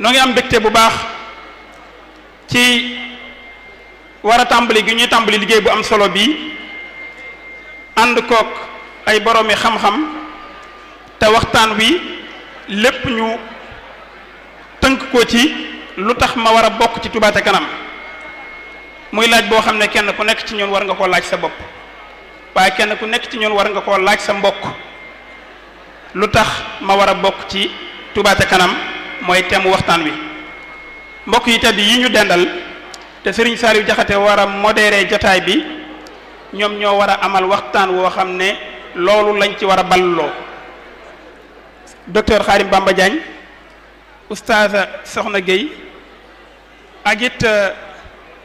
noo ngi am mbégte bu baax ci war a tàmbali gi ñuy tàmbali liggéey bu am solo bii ànd kook ay boroomi xam-xam te waxtaan wi lépp ñu tënk ko ci lu tax ma war a bokk ci tubaate kanam muy laaj boo xam ne kenn ku nekk ci ñun war nga koo laaj sa bopp waaye kenn ku nekk ci ñun war nga koo laaj sa mbokk lu tax ma war a bokk ci Touba kanam mooy temu waxtaan wi mbokk yi tedd yi ñu dendal te sëriñ Saliou Diakhaté war a modéré jataay bi ñoom ñoo war a amal waxtaan woo xam ne loolu lañ ci war a balloo docteur Khadim Bamba Diagne Soxna Gueye ak it euh,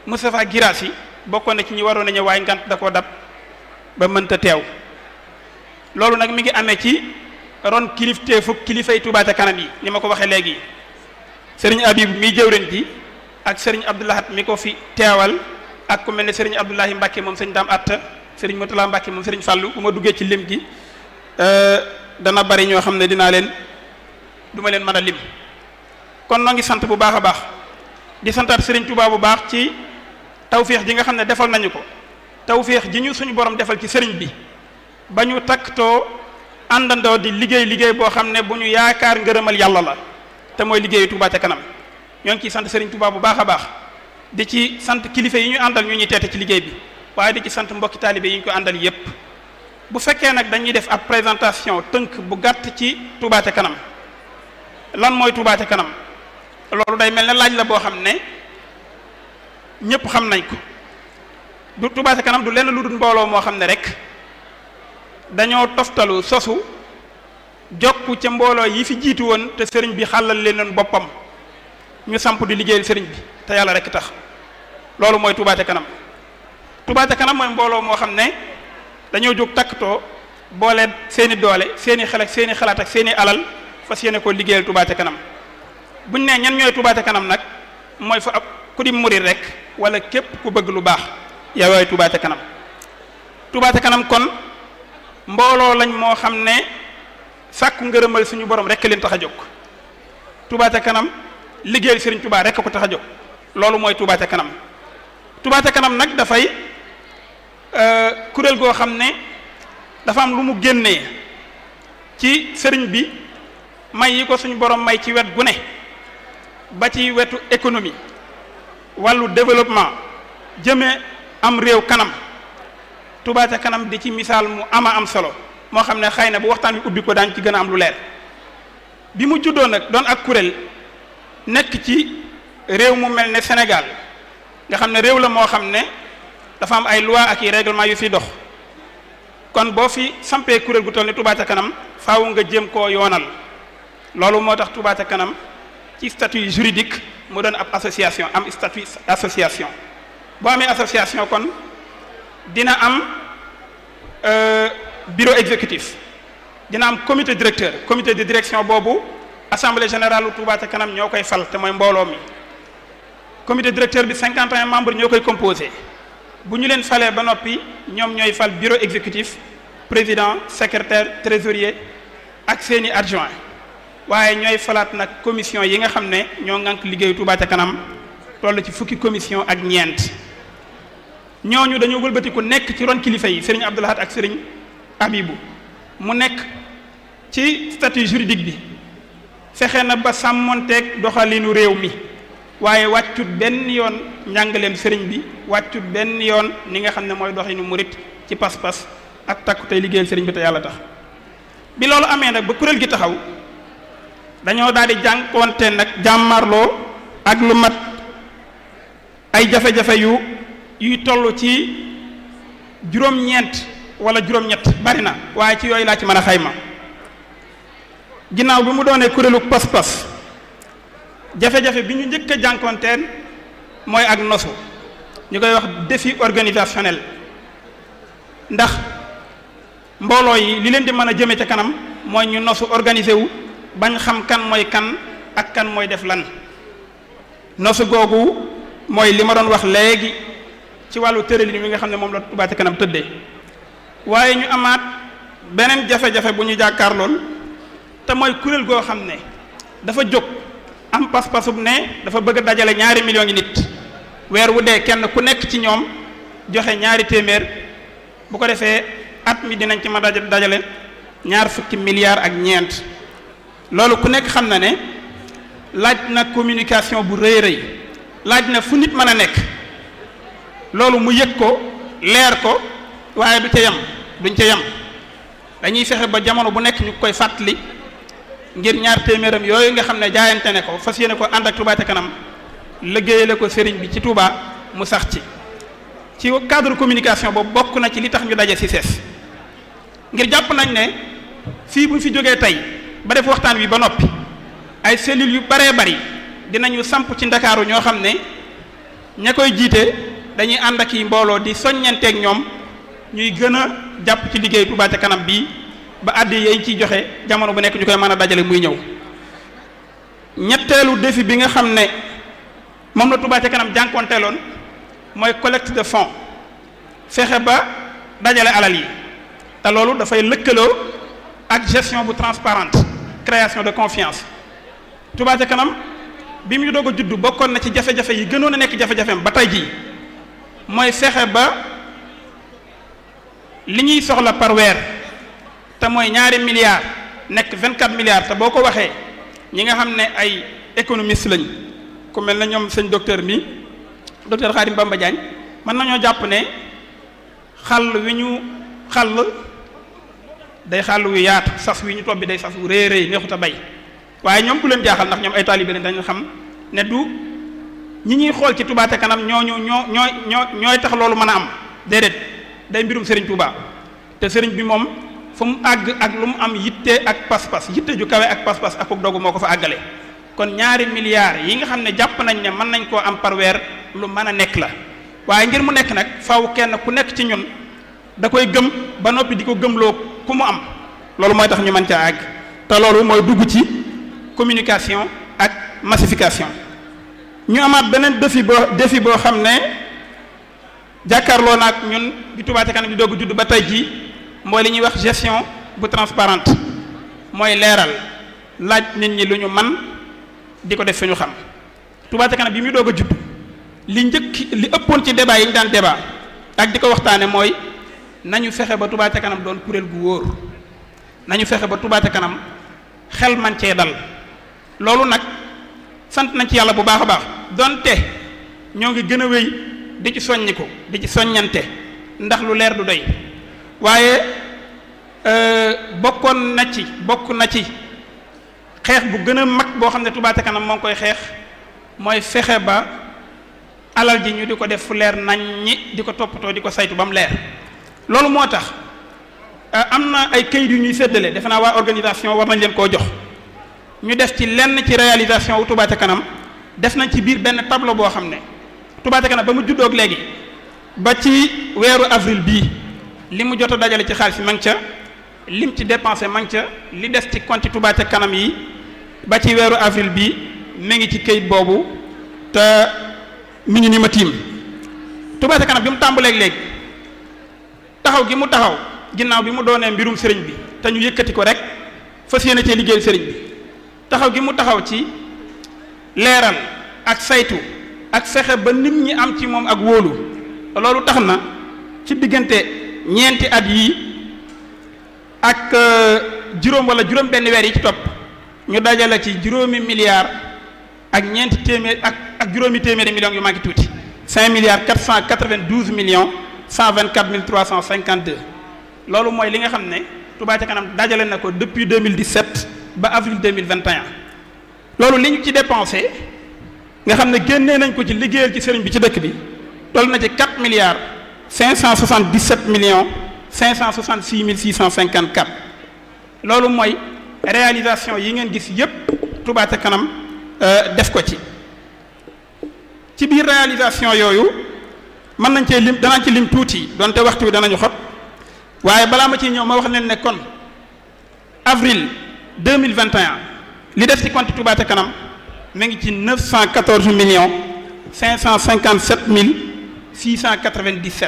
Moustapha Girassi bokkoon na ci ñi waroon a ñëw waaye ngant da koo dab ba mënta teew loolu nag mi ngi amee ci ron kilifteefu kilifay Touba ca kanam yi ni ma ko waxee léegi sëriñ Habib mi jëwriñ ji ak sëriñ Abdoulahat mi ko fi teewal ak ku mel ne sëriñ Abdoulahi Mbacke moom sëriñ Dame Atta sëriñ Moutala Mbacke moom sëriñ Fallou bu ma duggee ci lim gi euh, dana bari ñoo xam ne dinaa leen duma leen mën a lim kon noo ngi sant bu baax a baax di santaat sëriñ Touba bu baax ci tawféex ji nga xam ne defal nañu ko tawféex ji ñu suñu borom defal ci sëriñ bi ba ñu taktoo àndandoo di liggéey liggéey boo xam ne bu ñu yaakaar ngërëmal yàlla la te mooy liggéeyu Touba ca kanam ñoo ngi ciy sant Serigne Touba bu baax a baax di ci sant kilifa yi ñu àndal ñu ñuy teete ci liggéey bi waaye di ci sant mbokki taalibe yi ñu ko àndal yépp bu fekkee nag dañuy def ab présentation tënk bu gàtt ci Touba kanam lan mooy Touba kanam loolu day mel ne laaj la boo xam ne ñépp xam nañ ko du Touba kanam du lenn lu dul mbooloo moo xam ne rek dañoo toftalu sosu jokk ci mbooloo yi fi jiitu woon te sëriñ bi xàllal leen boppam ñu samp di liggéeyal sëriñ bi te yàlla rekk tax loolu mooy tubaate kanam Touba ca kanam mooy mbooloo moo xam ne dañoo jóg takktoo boole seeni doole seeni xel seeni xalaat ak seeni alal fas yéene koo liggéeyal Touba ca kanam buñ ne ñan ñooy Touba kanam nag mooy fa ab ku di murit rek wala képp ku bëgg lu baax yaa waay kanam Touba kanam kon mbooloo lañ moo xam ne sàkku ngërëmal suñu borom rek leen tax a jóg Touba ca kanam liggéeyal Serigne Touba rek ko tax a jóg loolu mooy Touba kanam Touba ca kanam nag dafay euh, kuréel goo xam ne dafa am lu mu génnee ci sëriñ bi may yi ko suñu borom may ci wet gu ne ba ci wetu économie wàllu développement jëmee am réew kanam. Touba ca kanam di ci misaal mu ama am solo moo xam ne xëy na bu waxtaan wi ubbi ko daañ ci gën a am lu leer bi mu juddoo nag doon ak kuréel nekk ci réew mu mel ne Sénégal nga xam ne réew la moo xam ne dafa am ay loi ak i règlement yu fi dox kon boo fi sampee kuréel gu toll ni Touba ca kanam faaw nga jëm ko yoonal loolu moo tax Touba ca kanam ci statut juridique mu doon ab association am statut association boo amee association kon dina am euh, bureau exécutif dina am comité directeur commité de direction boobu assemblée générale Touba Ca Kanam ñoo koy fal te mooy mbooloo mi comité directeur bi 51 membres ñoo koy composé bu ñu leen falee ba noppi ñoom ñooy fal bureau exécutif président secrétaire trésorier ak seeni adjoint waaye ñooy falaat nag commission yi nga xam ne ñoo ngànk liggéeyu Touba Ca Kanam toll ci fukki commission ak ñeent ñooñu dañoo wëlbatiku nekk ci ron kilifa yi sëriñ Abdou Lahad ak sëriñ Abibou mu nekk ci statut juridique bi fexe na ba sàmmonteeg doxalinu réew mi waaye wàccut benn yoon njàngaleem sëriñ bi wàccut benn yoon ni nga xam ne mooy doxinu murit ci pas-pas ak takku tey liggéeyal sëriñ bi te yàlla tax bi loolu amee nag ba kuréel gi taxaw dañoo daal di jànkoonte nag jàmmarloo ak lu mat ay jafe-jafe yu yuy toll ci juróom-ñeent wala juróom-ñett bari na waaye ci yooyu laa ci mën a xayma ginnaaw bi mu doonee kuréelu pas-pas jafe-jafe bi ñu njëkk a jànkonteel mooy ak nosu ñu koy wax défi organisationnel ndax mbooloo yi li leen di mën a jëme ca kanam mooy ñu nosu organisé wu bañ xam kan mooy kan ak kan mooy def lan nosu googu mooy li ma doon wax léegi ci wàllu tëralin wi nga xam ne moom la Touba Ca Kanam tëddee waaye ñu amaat beneen jafe-jafe bu ñu jàkkaar lool te mooy kuréel goo xam ne dafa jóg am pas-pasub ne dafa bëgg dajale ñaari millions yi nit weer wu dee kenn ku nekk ci ñoom joxe ñaari téeméer bu ko defee at mi dinañ ci ma dajale ñaar fukki milliards ak ñeent loolu ku nekk xam na ne laaj na communication bu rëy rëy laaj na fu nit mën a nekk loolu mu yëg ko leer ko waaye du ca yem duñ ca yem dañuy fexe ba jamono bu nekk ñu koy fàttali ngir ñaar téeméeram yooyu nga xam ne jaayante ne ko fas yéene ko ànd ak Touba ca kanam liggéeyale ko sëriñ bi ci Touba mu sax ci ci cadre communication boobu bokk na ci li tax ñu daje ci sees ngir jàpp nañ ne fii bu ñu fi jógee tey ba def waxtaan wi ba noppi ay cellules yu baree bari dinañu samp ci ndakaaru ñoo xam ne ña koy jiite dañuy ànd ak yi mbooloo di soññanteeg ñoom ñuy gën a jàpp ci liggéey Touba kanam bii ba àddi yañ ciy joxe jamono bu nekk ñu koy mën a dajale muy ñëw ñetteelu défi bi nga xam ne moom la Touba ca kanam jànkoonteeloon mooy collecte de fonds fexe ba dajale alal yi te loolu dafay lëkkaloo ak gestion bu transparente création de confiance Touba kanam bi mu doog ko juddu bokkoon na ci jafe-jafe yi gënoon a nekk jafe-jafeem ba tey jii mooy fexe ba li ñuy soxla par weer te mooy ñaari milliards nekk vingt-quatre milliards te boo ko waxee ñi nga xam ne ay économistes lañ ku mel na ñoom sëñ docteur mi docteur Khadim Bamba Diagne mën nañoo jàpp ne xàll wi ñu xàll day xàll wi yaatu sas wi ñu tobbi day sas wu rëy rëy neexut a bay waaye ñoom du leen jaaxal ndax ñoom ay taalibe lañ dañu xam ne du ñi ñuy xool ci Touba ca kanam ñooñu ñoo ñooy ñoo ñooy tax loolu mën a am déedéet day mbirum sëriñ Touba te sëriñ bi moom fu mu àgg ak lu mu am yitte ak pas-pas yitte ju kawe ak pas-pas ak dogu moo ko fa àggale kon ñaari milliards yi nga xam ne jàpp nañ ne mën nañ koo am parweer lu mën a nekk la waaye ngir mu nekk nag faaw kenn ku nekk ci ñun da koy gëm ba noppi di ko gëmloo ku mu am loolu mooy tax ñu man caa àgg te loolu mooy dugg ci communication ak massification ñu amaat beneen défi boo defi boo xam ne jàkkaarloo naag ñun di Touba ca kanam di dogg judd ba tey ji mooy li ñuy wax gestion bu transparente mooy leeral laaj nit ñi lu ñu man di ko def fi ñu xam Touba ca kanam bi muy doog a judd li njëkk li ëppoon ci débat yi ñu daan débat ak di ko waxtaane mooy nañu fexe ba Touba ca kanam doon kuréel bu wóor nañu fexe ba tubaate kanam xel man cee dal loolu nag sant nañ ci yàlla bu baax a baax donte ñoo ngi gën a wéy di ci soññiku di ci soññante ndax lu leer du doy waaye euh, bokkoon na ci bokk na ci xeex bu gën a mag boo xam ne Touba ca kanam moo ngi koy xeex mooy fexe ba alal ji ñu di ko def fu leer nañ ñi di ko toppatoo di ko saytu ba mu leer loolu moo tax euh, am na ay kayit yu ñuy séddale defe naa waa organisation war nañ leen koo jox ñu def ci lenn ci réalisation wu Touba kanam def nañ ci biir benn tableau boo xam ne Touba ca kanam ba mu juddoog léegi ba ci weeru avril bi li mu jot dajale ci xaalis ma ngi ca lim ci dépensé ma ca li des ci compte Touba kanam yi ba ci weeru avril bii mi ngi ci këyit boobu te mi ngi ni ma tiim Touba kanam bi mu tàmbaleeg léegi taxaw gi mu taxaw ginnaaw bi mu doonee mbirum sëriñ bi te ñu yëkkati ko rek fas yéene cee liggéeyal sëriñ bi taxaw gi mu taxaw ci leeral ak saytu ak fexe ba nit ñi am ci moom ak wóolu loolu tax na ci diggante ñeenti at yi ak euh, juróom wala juróom benn weer yi ci topp ñu dajale ci juróomi milliards ak ñeenti téeméer ak ak juróomi téeméeri millions yu manqué tuuti cinq milliards quatre cent quatre-vingt-douze millions cent vingt cent cinquante-deux loolu mooy li nga xam ne Touba ca kanam dajale na ko depuis 2017 ba avril 2021 loolu li ñu ci dépensé nga xam ne génnee nañ ko ci liggéeyal ci sëriñ bi ci dëkk bi toll na ci 4 milliards 577 millions 566 mille 654 loolu mooy réalisation yi ngeen gis yépp Touba ca kanam euh, def ko ci ci biir réalisation yooyu mën nañ cee lim danañ ci lim tuuti donte waxtu bi danañu xot waaye balaa ma ciy ñëw ma wax leen ne kon avril deux mille vingt et li def ci compte Touba kanam mi ngi ci neuf cent quatorze millions cinq cent cinquante sept mille six cent quatre vingt dix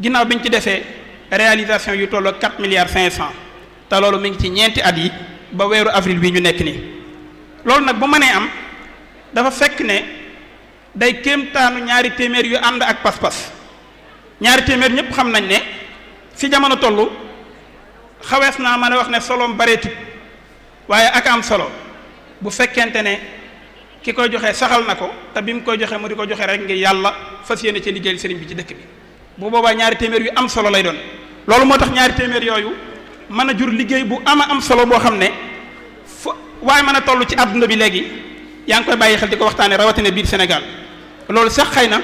ginnaaw bi ñu ci defee réalisation yu tolloo quatre milliards cinq cent te loolu mi ngi ci ñeenti at yi ba weeru avril bi ñu nekk nii loolu nag bu mënee am dafa fekk ne day kéemtaanu ñaari téeméer yu ànd ak pas-pas ñaari téeméer ñëpp xam nañ ne fi jamono toll. xawees naa mën a wax ne solom bareetut waaye ak am solo bu fekkente ne ki koy joxe saxal na ko te bi mu koy joxe mu di ko joxe rek ngir yàlla fas yéene ci liggéeyal sëriñ bi ci dëkk bi bu boobaa ñaari téeméer yu am solo lay doon loolu moo tax ñaari téeméer yooyu mën a jur liggéey bu ama am solo boo xam ne fu waaye mën a toll ci àdduna bi léegi yaa ngi koy bàyyi xel di ko waxtaane rawatina biir Sénégal loolu sax xëy na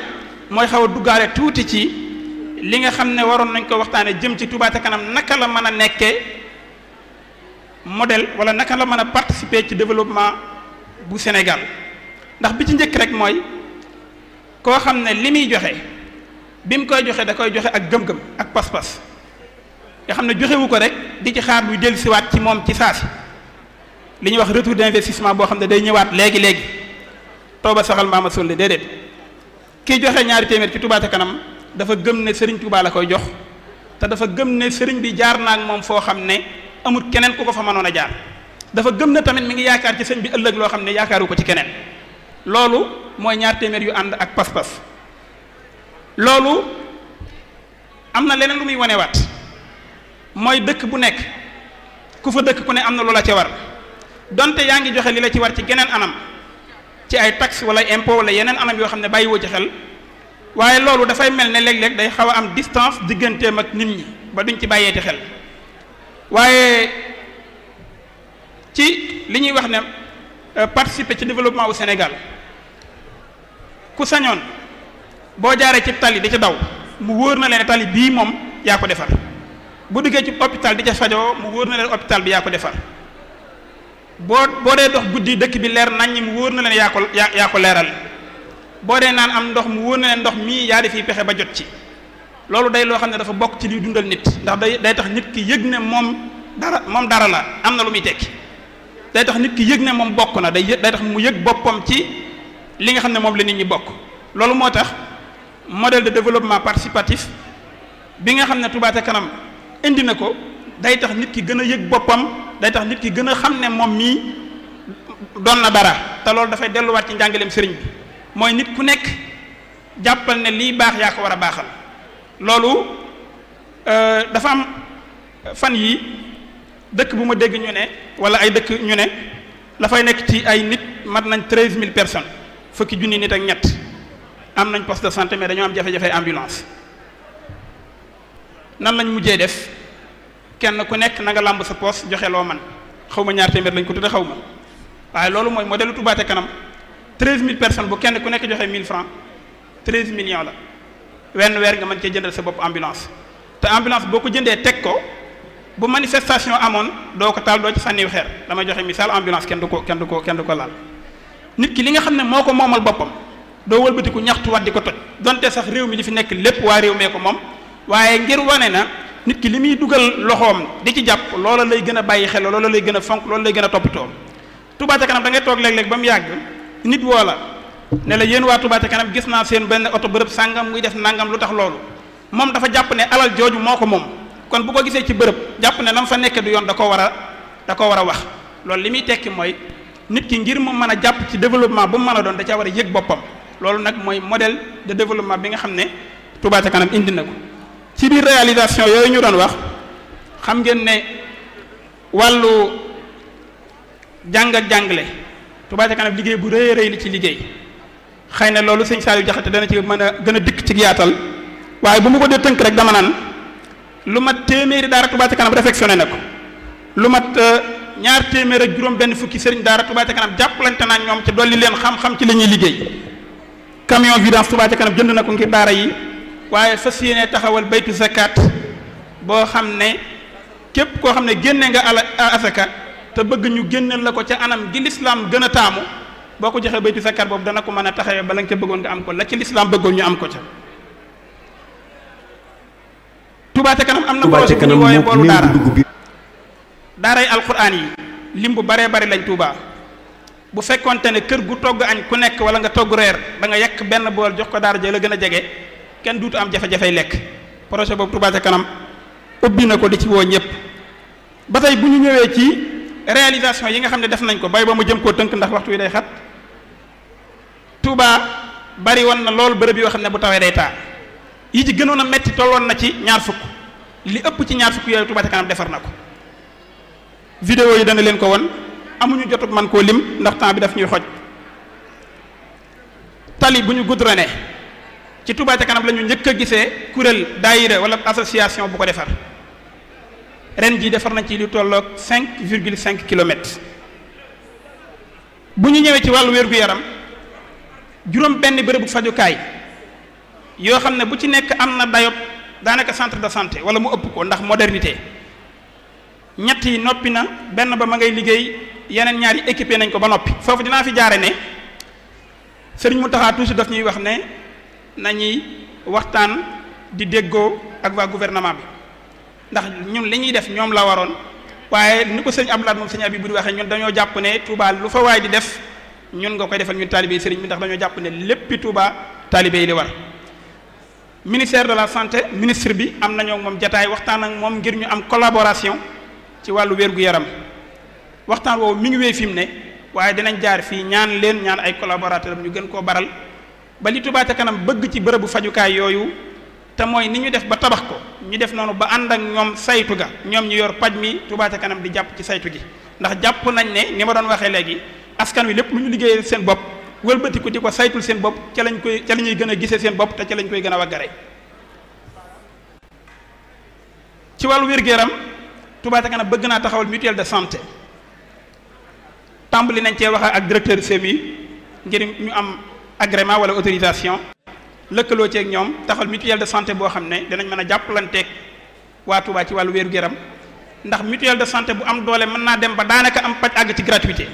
mooy xaw a duggaale tuuti ci li nga xam ne waroon nañ ko waxtaane jëm ci tubaate kanam naka la mën a nekkee model wala naka la mën a participer ci développement bu Sénégal ndax bi ci njëkk rek mooy koo xam ne li muy joxe bi mu koy joxe da koy joxe ak gëm-gëm ak pas-pas nga xam ne joxewu ko rek di ci xaar buy dellu siwaat ci moom ci saa si li ñu wax retour d'investissement boo xam ne day ñëwaat léegi léegi tooba saxal maama sole déedéet kii joxe ñaari téeméer ci Touba kanam dafa gëm ne sëriñ Touba la koy jox te dafa gëm ne sëriñ bi jaar na ak moom foo xam ne amut keneen ku ko fa mënoon a jaar dafa gëm ne tamit mi ngi yaakaar ci sëñ bi ëllëg loo xam ne yaakaaru ko ci keneen loolu mooy ñaar téeméer yu ànd ak pas-pas loolu am na leneen lu muy wanewaat mooy dëkk bu nekk ku fa dëkk ku ne am na lu la ca war donte yaa ngi joxe li la ci war ci geneen anam ci ay taxe wala impôt wala yeneen anam yoo xam ne bàyyiwoo ci xel. waaye loolu dafay mel ne léeg-léeg day xaw a am distance digganteem ak nit ñi ba duñ ci bàyyeeti xel waaye ci li ñuy wax ne euh, participer ci développement au Sénégal ku sañoon boo jaaree ci tali di ca daw mu wóor na leen tali bii moom yaa ko defar bu duggee ci hôpital di ca fajoo mu wóor na leen hôpital bi yaa ko defar boo boo dee dox guddi dëkk bi leer nañ ñi mu wóor na leen yaa ko yaa ko leeral boo dee naan am ndox mu wóor na ne ndox mii yaa def yi pexe ba jot ci loolu day loo xam ne dafa bokk ci liy dundal nit ndax day day tax nit ki yëg ne moom dara moom dara la am na lu muy tekki day tax nit ki yëg ne moom bokk na day day tax mu yëg boppam ci li nga xam ne moom la nit ñi bokk loolu moo tax model de développement participatif bi nga xam ne Touba ca kanam indi na ko day tax nit ki gën a yëg boppam day tax nit ki gën a xam ne moom mii doon na dara te loolu dafay delluwaat ci njàngaleem sëriñ bi mooy nit ku nekk jàppal ne lii baax yaa ko war a baaxal loolu euh, dafa am fan yi dëkk bu ma dégg ñu ne wala ay dëkk ñu ne la nekk ci ay nit mat nañ treize mille personnes fukki junni nit ak ñett am nañ poste de santé mais dañoo am jafe-jafe ambulance nan lañ mujjee def kenn ku nekk na nga làmb sa poste joxe loo man xaw ma ñaar téeméer lañ ko tudde xaw ma waaye loolu mooy moo dellu tubaate Kanam treize mille personnes bu kenn ku nekk joxe mille francs treize millions la wenn weer nga mën cee jëndal sa bopp ambulance te ambulance boo ko jëndee teg ko bu manifestation amoon doo ko taal doo ci sànniw xeer damay joxe misaal ambulance kenn du ko kenn du ko kenn du ko laal nit ki li nga xam ne moo ko moomal boppam doo wëlbatiku ñaxtuwaat di ko toj donte sax réew mi di fi nekk lépp waa réew mee ko moom waaye ngir wane na nit ki li muy dugal loxoom di ci jàpp loola lay gën a bàyyi xel loola lay gën a fonk loola lay gën toppatoo Touba ca da ngay toog léeg-léeg ba mu yàgg nit woo la ne la yéen waa Touba kanam gis naa seen benn oto bërëb sàngam muy def nangam lu tax loolu moom dafa jàpp ne alal jooju moo ko moom kon bu ko gisee ci bërëb jàpp ne nam fa nekk du yoon da koo war a da koo war a wax loolu li muy tekki mooy nit ki ngir mu mën a jàpp ci développement bu mu mën a doon da caa war a yëg boppam loolu nag mooy model de développement bi nga xam ne Touba kanam indi na ko ci biir réalisation yooyu ñu doon wax xam ngeen ne wàllu jàng ak Touba kanam liggéey bu rëy rëy li ci liggéey xëy na loolu sëñ Saliou Diakhaté dana ci mën a gën a dikk ci yaatal waaye bu ma ko dee tënk rek dama naan lu mat téeméeri daara Touba ca kanam réfectionné na ko lu mat euh, ñaar téeméer ak juróom benn fukki sëriñ daara Touba ca kanam jàppalante naa ñoom ci dolli leen xam-xam ci la liggéey camion vidange Touba ca kanam jënd na ko ngir daara yi waaye fas yéene taxawal baytu zakat boo xam ne képp koo xam ne génne nga ala asaka te bëgg ñu génneel la ko ca anam gi lislaam gën a taamu boo ko joxee bayti zakat boobu dana ko mën a taxawee bala nga ca bëggoon nga am ko la ci lislaam bëggoon ñu am ko ca Touba ca kanam am na projet bu ñu wooyee boolu daara daaray alxuraan yi lim bu baree bari lañ tuuba bu fekkonte ne kër gu togg añ ku nekk wala nga togg reer da nga yekk benn bool jox ko daara ja la gën a jege kenn duutu am jafe-jafey lekk projet boobu Touba ca kanam ubbi na ko di ci woo ñëpp réalisation yi nga xam ne def nañ ko bay ba mu jëm koo tënk ndax waxtu wi day xat Touba bari woon na lool bërëb yoo xam ne bu tawee day taa yi ci gënoon a metti tolloon na ci ñaar fukk li ëpp ci ñaar fukk yooyu Touba ca kanam defar na ko vidéo yi dana leen ko woon amuñu jotug man koo lim ndax temps bi daf ñuy xoj tali bu ñu goudronné ci Touba ca kanam la njëkk a gisee kuréel daayira wala association bu ko defar ren jii defar nañ ci lu tollook cinq virgule cinq kilomètres bu ñu ñëwee ci wàllu wér gu yaram juróom benn bërëbu fajukaay yoo xam ne bu ci nekk am na dayob daanaka centre de santé wala mu ëpp ko ndax modernité ñett noppi na benn ba ma ngay liggéey yeneen ñaari équipé nañ ko ba noppi foofu dinaa fi jaare ne sëriñ Mountakha toujours daf ñuy wax ne nañuy waxtaan di déggoo ak waa gouvernement bi ndax ñun li ñuy def ñoom la waroon waaye ni ko sëñ Abdoulaye moom sëñ bu di waxee ñun dañoo jàpp ne Touba lu fa waay di def ñun nga koy defal ñun taalibe yi sëriñ bi ndax dañoo jàpp ne léppi Touba taalibe yi li war ministère de la santé ministre bi am nañoo moom jataay waxtaan ak moom ngir ñu am collaboration ci wàllu wér-gu-yaram waxtaan woowu mi ngi wéy fi mu ne waaye dinañ jaar fii ñaan leen ñaan ay collaborateur ñu gën koo baral ba li Touba ca kanam bëgg ci bërëbu fajukaay yooyu te mooy ni ñu def ba tabax ko ñu def noonu ba ànd ak ñoom saytu ga ñoom ñu yor paj mi Touba kanam di jàpp ci saytu gi ndax jàpp nañ ne ni ma doon waxee léegi askan wi lépp lu ñu liggéeyee seen bopp wëlbatiku di ko saytul seen bopp ca lañ koy ca la ñuy gën a gisee seen bopp te ca lañ koy gën a waggare ci wàllu wér-gu-yaram Touba ca kanam bëgg naa taxawal mutuel de santé tàmbali nañ cee wax ak directeur CMU ngir ñu am agrement wala autorisation lëkkaloo ceeg ñoom taxal mutuelle de santé boo xam ne dinañ mën a jàppalanteeg waa Touba ci wàllu wéeru yaram ndax mutuelle de santé bu am doole mën naa dem ba daanaka am paj àgg ci gratuité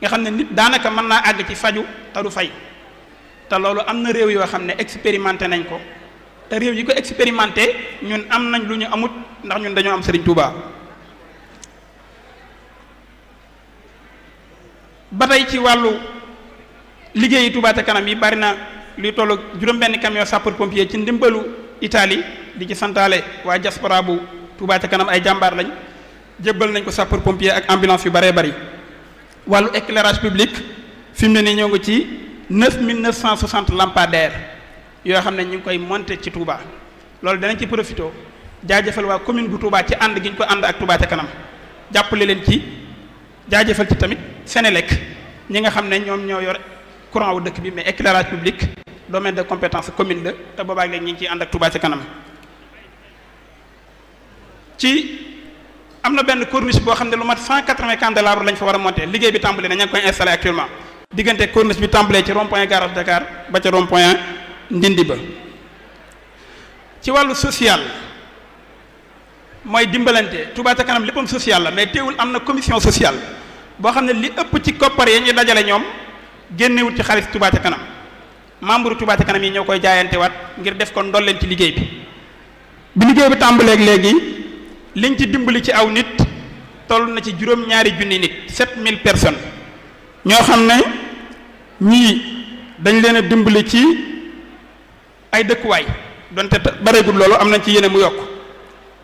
nga xam ne nit daanaka mën naa àgg ci faju te du fay te loolu am na réew yoo xam ne expérimenté nañ ko te réew yi ko expérimenté ñun am nañ lu ñu amut ndax ñun dañoo am Serigne Touba. ba tey ci wàllu liggéeyi Touba te kanam yi bari na. luy tollu juróom-benn camion sapeur pompier ci ndimbalu Italie di ci santaale waa diaspora bu Touba ci kanam ay jàmbaar lañ jébbal nañ ko sapeur pompier ak ambulance yu baree bari wàllu éclairage publique fi mu ne ni ñëw ngi ci 9960 lampadaires yoo xam ne ñu ngi koy monter ci Touba loolu danañ ci profité jaajëfal waa commune bu Touba ci ànd gi ñu ko ànd ak Touba ca kanam jàppale leen ci jaajëfal ci tamit lekk ñi nga xam ne ñoom ñoo yor courant wu dëkk bi mais éclairage domaine de compétence commune la te boobaag léegi ngi ci ànd ak Touba ci kanam ci am na benn corniche boo xam ne lu mat 180 candélabres lañ fa war a monter liggéey bi tàmbali na ña ngi koy installé actuellement diggante corniche bi tàmbalee ci rond point garage Dakar ba ca rond point Ndindi ba ci wàllu social mooy dimbalante tubaat ca kanam léppam social la mais teewul am na commission sociale boo xam ne li ëpp ci koppar yi ñuy dajale ñoom génnewut ci xaalis Touba ca kanam. membre Touba Ca Kanam yi ñoo koy jaayantewaat ngir def ko ndolleen ci liggéey bi bi liggéey bi tàmbaleek léegi liñ ci dimbali ci aw nit toll na ci juróom-ñaari junni nit 7000 personnes ñoo xam ne ñii dañ leen a dimbali ci ay dëkkuwaay donte bareegul loolu am nañ ci yeneen mu yokk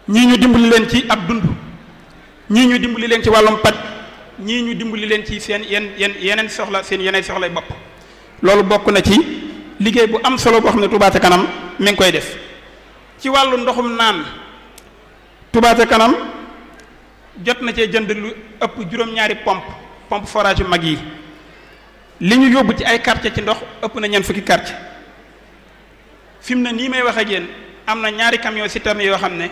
ñii ñu dimbali leen ci ab dund ñii ñu dimbali leen ci wàllum paj ñii ñu dimbali leen ci seen yenn yenn yeneen soxla seen yeneen soxla bopp loolu bokk na ci liggéey bu am solo boo xam ne Touba kanam mu ngi koy def ci wàllu ndoxum naan Touba kanam jot na cee jënd lu ëpp juróom-ñaari pompe pompe forage yu mag yi li ñu yóbbu ci ay quartier ci ndox ëpp na ñeent fukki quartier fi mu ne nii may wax ak yéen am na ñaari si citerne yoo xam ne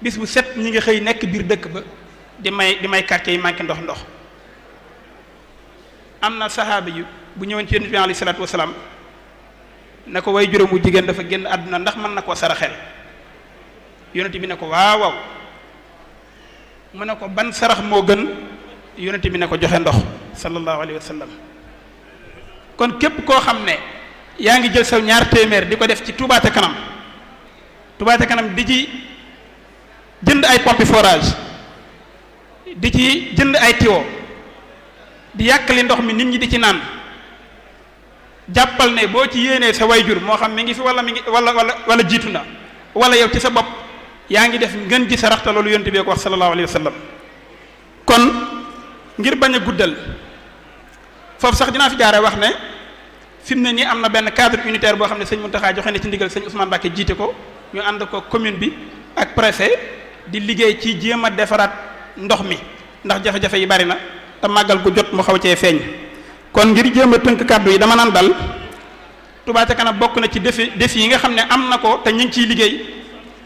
bis bu set ñu ngi xëy nekk biir dëkk ba di may di may quartier yi manqué ndox ndox am na saxaaba yu bu ñëwoon ci yonent bi alayhi salaatu wasalaam na ko way juróom jigéen dafa génn àdduna ndax mën na koo saraxel yonent bi ne ko waaw waaw mu ne ko ban sarax moo gën yonent bi ne ko joxe ndox sallallahu alayhi wa sallam kon képp koo xam ne yaa ngi jël saw ñaar téeméer di ko def ci Touba Kanam Touba Kanam di ci jënd ay pompe forage di ci jënd ay tiwo di yàq ndox mi nit ñi di ci naan jàppal ne boo ci yéenee sa way wayjur moo xam mi ngi fi wala mi ngi wala wala wala jiitu na wala yow ci sa bopp yaa ngi def ngeen ji sa raxta loolu yonent bi ko wax sallallahu alayhi wa kon ngir bañ a guddal foofu sax dinaa fi jaaree wax ne fi mu ne nii am na benn cadre unitaire boo xam ne sañ sëñ Mountakha joxe na ci ndigal sañ Ousmane Mbacké jiite ko ñu ànd ko commune bi ak préfet di liggéey ci jéem a defaraat ndox mi ndax jafe-jafe yi bari na te màggal gu jot mu xaw cee feeñ. kon ngir jéem a tënk kàddu yi dama naan dal Touba ca kanam bokk na ci défi défi yi nga xam ne am na ko te ñu ngi ciy liggéey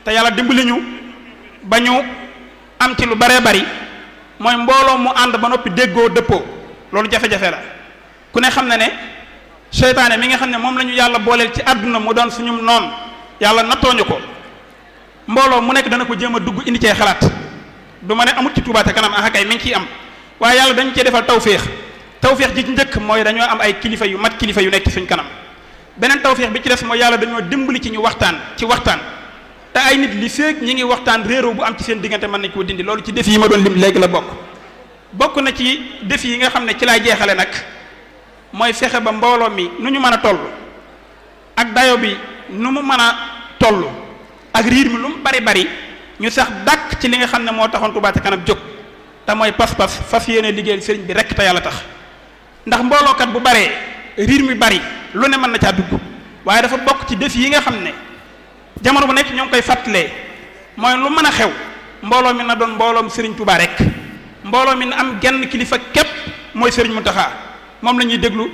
te yàlla dimbali ñu ba ñu am ci lu baree bari mooy mbooloo mu ànd ba noppi déggoo dëppoo loolu jafe-jafe la ku ne xam ne ne seytaane mi nga xam ne moom la ñu yàlla booleel ci àdduna mu daan suñu noon yàlla ñu ko mbooloo mu nekk dana ko jëm a dugg indi cee xalaat du ma ne amut ci Touba ca kanam ah kay mi ngi ciy am waaye yàlla dañu cee defal tawféex. tawféex ji ci njëkk mooy dañoo am ay kilifa yu mat kilifa yu nekk suñ kanam beneen tawféex bi ci des mooy yàlla dañoo dimbali ci ñu waxtaan ci waxtaan te ay nit li feeg ñi ngi waxtaan réeroo bu am ci seen diggante man nañ koo dindi loolu ci def yi ma doon lim léegi la bokk bokk na ci def yi nga xam ne ci laay jeexale nag mooy fexe ba mbooloo mi nu ñu mën a toll ak dayo bi nu mu mën a toll ak riir mi lu mu bari bari ñu sax dàkk ci li nga xam ne moo taxoon Touba ca kanam jóg mooy pas-pas fas yéene liggéeyal sëriñ bi rek te yàlla tax ndax mboolookat bu baree riir mi bari lu ne mën na caa dugg waaye dafa bokk ci défi yi nga xam ne jamono bu nekk ñoo ngi koy fàttalee mooy lu mën a xew mbooloo mi na doon mbooloom Serigne Touba rek mbooloo mi na am genn kilifa képp mooy Serigne Mountakha moom la ñuy déglu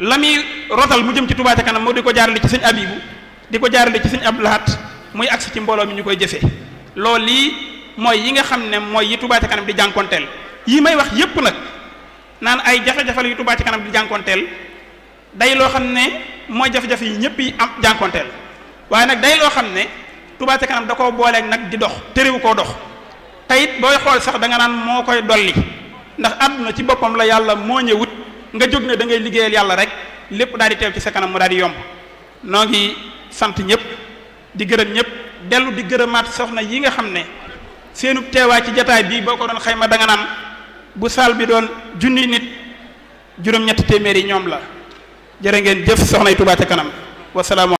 la muy rotal mu jëm ci Touba ca kanam moo di ko jaarale ci sëñ Abibu di ko jaarale ci sëñ ab laat muy agsi ci mbooloo mi ñu koy jëfee lool lii mooy yi nga xam ne mooy yi Touba ca kanam di jànkonteel yi may wax yépp nag. naan ay jafe-jafe la yu ci kanam di jànkoonteel day loo xam ne mooy jafe-jafe yi ñëpp yi am jànkoonteel waaye nag day loo xam ne Touba kanam da koo booleeg nag di dox terewu koo dox te it booy xool sax danga naan moo koy dolli ndax àdduna ci boppam la yàlla moo ñëwut nga jóg ne da ngay liggéeyal yàlla rek lépp daal di teew ci sa kanam mu daal di yomb noo ngi sant ñëpp di gërëm ñëpp dellu di gërëmaat soxna yi nga xam ne seenu teewaay ci jataay bii boo ko doon xayma da nga naan. bu saal bi doon junni nit juróom-ñetti téeméer yi ñoom la jërë ngeen jëf soxnay Touba kanam wasalaamu